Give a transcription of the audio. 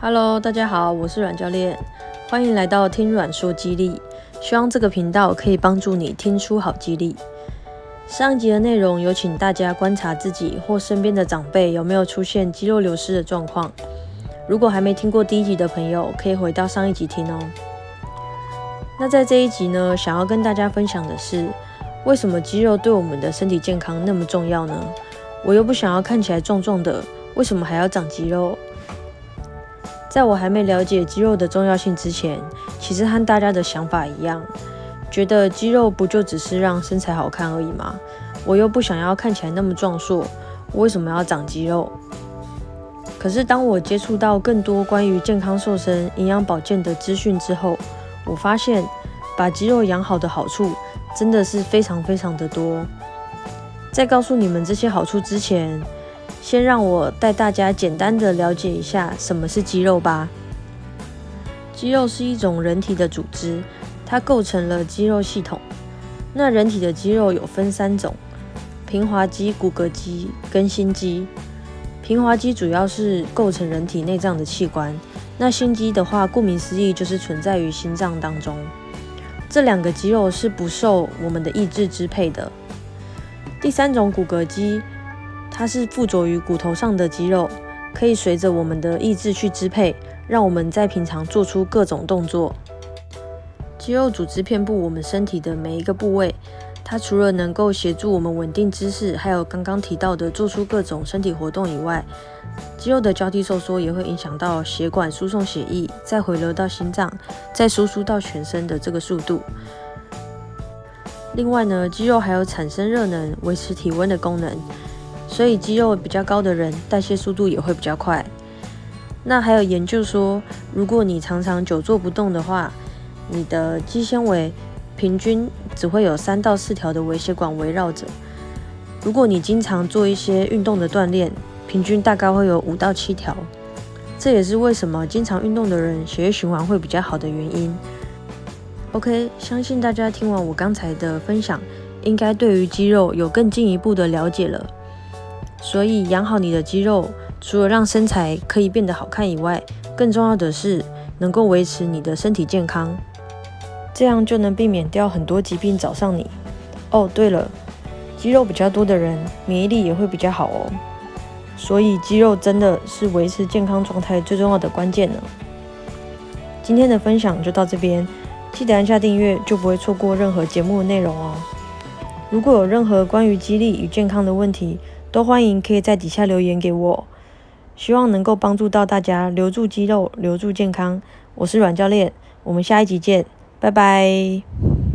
哈囉，大家好，我是阮教練，歡迎來到聽阮說肌力。希望這個頻道可以幫助你聽出好肌力。上一集的內容有請大家觀察自己或身邊的長輩有沒有出現肌肉流失的狀況。如果還沒聽過第一集的朋友，可以回到上一集聽哦。那在這一集呢，想要跟大家分享的是，為什麼肌肉對我們的身體健康那麼重要呢？我又不想要看起來壯壯的，為什麼還要長肌肉？在我還沒了解肌肉的重要性之前，其實和大家的想法一樣，覺得肌肉不就只是讓身材好看而已嗎？我又不想要看起來那麼壯碩，我為什麼要長肌肉？可是當我接觸到更多關於健康瘦身、營養保健的資訊之後，我發現把肌肉養好的好處真的是非常非常的多。在告訴你們這些好處之前，先讓我帶大家簡單的了解一下什麼是肌肉吧。肌肉是一種人體的組織，它構成了肌肉系統。那人體的肌肉有分三種：平滑肌、骨骼肌跟心肌。平滑肌主要是構成人體內臟的器官，那心肌的話，顧名思義就是存在於心臟當中。這兩個肌肉是不受我們的意志支配的。第三種骨骼肌。它是附着於骨頭上的肌肉，可以隨着我們的意志去支配，讓我們在平常做出各種動作。肌肉組織遍佈我們身體的每一個部位，它除了能夠協助我們穩定姿勢，還有剛剛提到的做出各種身體活動以外，肌肉的交替收縮也會影響到血管輸送血液再回流到心臟，再輸出到全身的這個速度。另外呢，肌肉還有產生熱能、維持體溫的功能。所以肌肉比較高的人，代謝速度也會比較快。那還有研究說，如果你常常久坐不動的話，你的肌纖維平均只會有三到四條的微血管圍繞着。如果你經常做一些運動的鍛鍊，平均大概會有五到七條。這也是為什麼經常運動的人血液循環會比較好的原因。OK，相信大家聽完我剛才的分享，應該對於肌肉有更進一步的了解了。所以養好你的肌肉，除了讓身材可以變得好看以外，更重要的是能夠維持你的身體健康，這樣就能避免掉很多疾病找上你。哦，對了，肌肉比較多的人免疫力也會比較好哦。所以肌肉真的是維持健康狀態最重要的關鍵呢。今天的分享就到這邊，記得按下訂閱，就不會錯過任何節目內容哦。如果有任何關於肌力與健康的問題，都歡迎可以在底下留言給我，希望能夠幫助到大家留住肌肉、留住健康。我是阮教練，我們下一集見，拜拜。